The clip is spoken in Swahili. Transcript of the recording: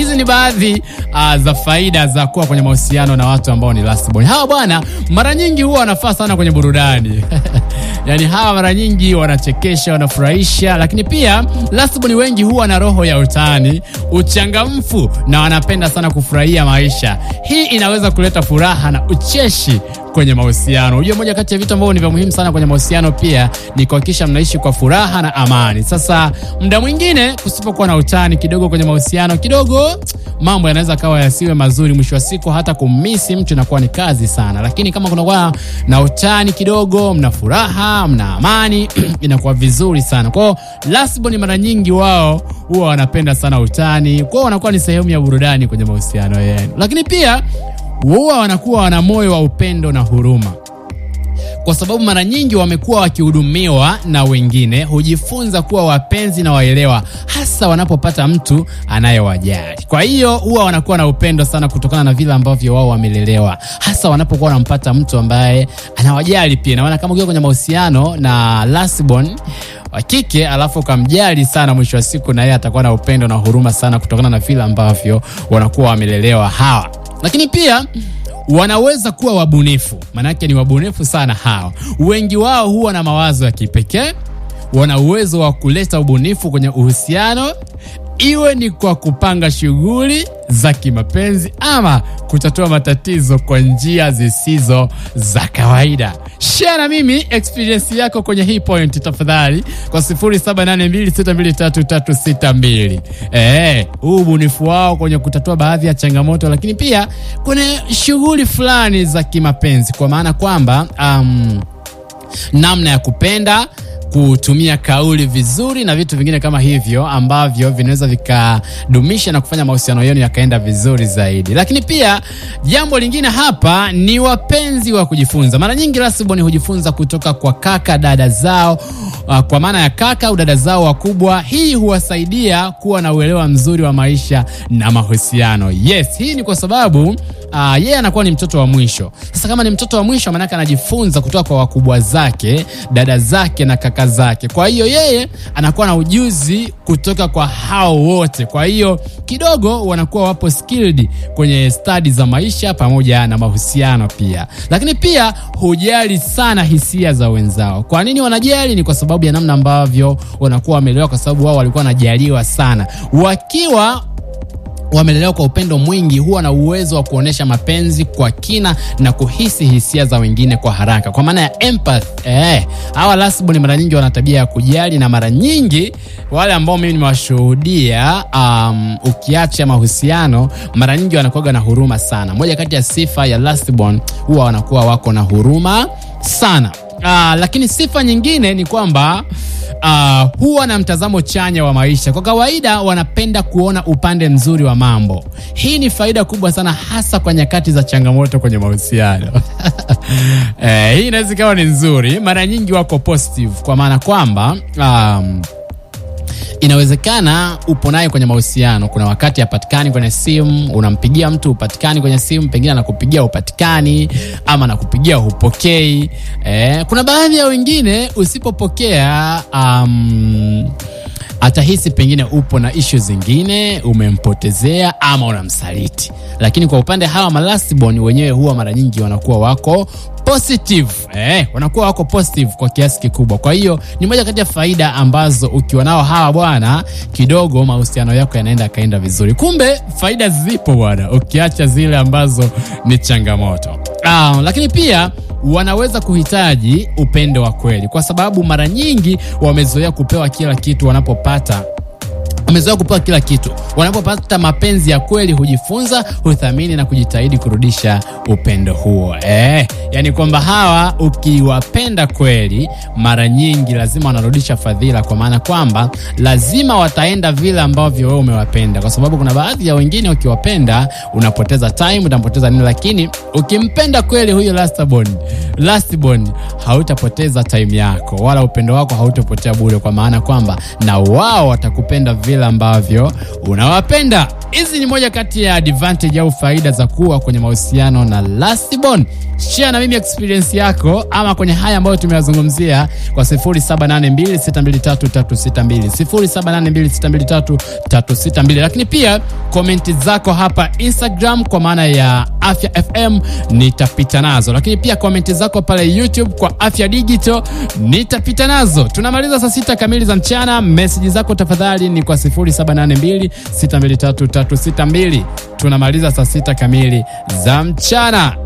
hizi ni baadhi uh, za faida za kuwa kwenye mahusiano na watu ambao ni last born. Hawa bwana mara nyingi huwa wanafaa sana kwenye burudani yaani hawa mara nyingi wanachekesha, wanafurahisha, lakini pia last born wengi huwa na roho ya utani, uchangamfu na wanapenda sana kufurahia maisha. Hii inaweza kuleta furaha na ucheshi kwenye mahusiano. Unajua, moja kati ya vitu ambavyo ni vya muhimu sana kwenye mahusiano pia ni kuhakikisha mnaishi kwa furaha na amani. Sasa muda mwingine kusipokuwa na utani kidogo kwenye mahusiano kidogo mambo yanaweza kawa yasiwe mazuri, mwisho wa siku hata kumisi mtu inakuwa ni kazi sana. Lakini kama kunakuwa na utani kidogo, mna furaha, mna amani inakuwa vizuri sana. Kwao lasboni mara nyingi wao huwa wanapenda sana utani, kwao wanakuwa ni sehemu ya burudani kwenye mahusiano yenu, lakini pia huwa wanakuwa wana moyo wa upendo na huruma kwa sababu mara nyingi wamekuwa wakihudumiwa na wengine hujifunza kuwa wapenzi na waelewa, hasa wanapopata mtu anayewajali. Kwa hiyo huwa wanakuwa na upendo sana kutokana na vile ambavyo wao wamelelewa, hasa wanapokuwa wanampata mtu ambaye anawajali pia. Na maana kama ukiwa kwenye mahusiano na lasbon wa kike alafu ukamjali sana, mwisho wa siku na yeye atakuwa na upendo na huruma sana kutokana na vile ambavyo wanakuwa wamelelewa hawa, lakini pia wanaweza kuwa wabunifu, maanake ni wabunifu sana hawa. Wengi wao huwa na mawazo ya kipekee, wana uwezo wa kuleta ubunifu kwenye uhusiano iwe ni kwa kupanga shughuli za kimapenzi ama kutatua matatizo kwa njia zisizo za kawaida. Share na mimi experience yako kwenye hii point tafadhali kwa 0782623362. Eh, huu ubunifu wao kwenye kutatua baadhi ya changamoto, lakini pia kwenye shughuli fulani za kimapenzi, kwa maana kwamba um, namna ya kupenda kutumia kauli vizuri na vitu vingine kama hivyo ambavyo vinaweza vikadumisha na kufanya mahusiano yenu yakaenda vizuri zaidi. Lakini pia jambo lingine hapa ni wapenzi wa kujifunza. Mara nyingi Rasiboni hujifunza kutoka kwa kaka dada zao, uh, kwa maana ya kaka au dada zao wakubwa. Hii huwasaidia kuwa na uelewa mzuri wa maisha na mahusiano. Yes, hii ni kwa sababu uh, yeye anakuwa ni mtoto wa mwisho. Sasa kama ni mtoto wa mwisho, maanake anajifunza kutoka kwa wakubwa zake, dada zake na kaka zake. Kwa hiyo yeye anakuwa na ujuzi kutoka kwa hao wote, kwa hiyo kidogo wanakuwa wapo skilled kwenye stadi za maisha pamoja na mahusiano pia, lakini pia hujali sana hisia za wenzao. Kwa nini wanajali? Ni kwa sababu ya namna ambavyo wanakuwa wameelewa, kwa sababu wao walikuwa wanajaliwa sana wakiwa wamelelewa kwa upendo mwingi huwa na uwezo wa kuonyesha mapenzi kwa kina na kuhisi hisia za wengine kwa haraka, kwa maana ya empath. Eh, hawa ni mara nyingi wana tabia ya kujali, na mara nyingi wale ambao mimi nimewashuhudia, um, ukiacha mahusiano, mara nyingi wanakuwa na huruma sana. Moja kati ya sifa ya lasbo huwa wanakuwa wako na huruma sana. Aa, ah, lakini sifa nyingine ni kwamba uh, huwa na mtazamo chanya wa maisha. Kwa kawaida wanapenda kuona upande mzuri wa mambo. Hii ni faida kubwa sana, hasa kwa nyakati za changamoto kwenye mahusiano eh, hii inaweza ikawa ni nzuri. Mara nyingi wako positive, kwa maana kwamba um, inawezekana upo naye kwenye mahusiano, kuna wakati hapatikani kwenye simu, unampigia mtu upatikani kwenye simu, pengine anakupigia upatikani, ama anakupigia hupokei. Eh, kuna baadhi ya wengine usipopokea um, atahisi pengine upo na ishu zingine, umempotezea ama unamsaliti. Lakini kwa upande hawa malasibon wenyewe huwa mara nyingi wanakuwa wako positive eh, wanakuwa wako positive kwa kiasi kikubwa. Kwa hiyo ni moja kati ya faida ambazo ukiwa nao hawa bwana, kidogo mahusiano yako yanaenda kaenda vizuri. Kumbe faida zipo bwana, ukiacha zile ambazo ni changamoto. Ah, lakini pia wanaweza kuhitaji upendo wa kweli, kwa sababu mara nyingi wamezoea kupewa kila kitu wanapopata wamezoea kupewa kila kitu. Wanapopata mapenzi ya kweli, hujifunza, huthamini na kujitahidi kurudisha upendo huo. Eh, yani kwamba hawa ukiwapenda kweli, mara nyingi lazima wanarudisha fadhila, kwa maana kwamba lazima wataenda vile ambavyo wewe umewapenda, kwa sababu kuna baadhi ya wengine ukiwapenda unapoteza time, unapoteza nini, lakini ukimpenda kweli huyo last born, hautapoteza time yako wala upendo wako hautopotea bure, kwa maana kwamba na wao watakupenda vile vile ambavyo unawapenda. Hizi ni moja kati ya advantage au faida za kuwa kwenye mahusiano na lastbon Share na mimi experience yako ama kwenye haya ambayo tumeyazungumzia kwa 0782623362, 0782623362, lakini pia komenti zako hapa Instagram kwa maana ya Afya FM nitapita nazo, lakini pia komenti zako pale YouTube kwa Afya Digital nitapita nazo. Tunamaliza saa sita kamili za mchana. Meseji zako tafadhali ni kwa 0782623362. Tunamaliza saa sita kamili za mchana.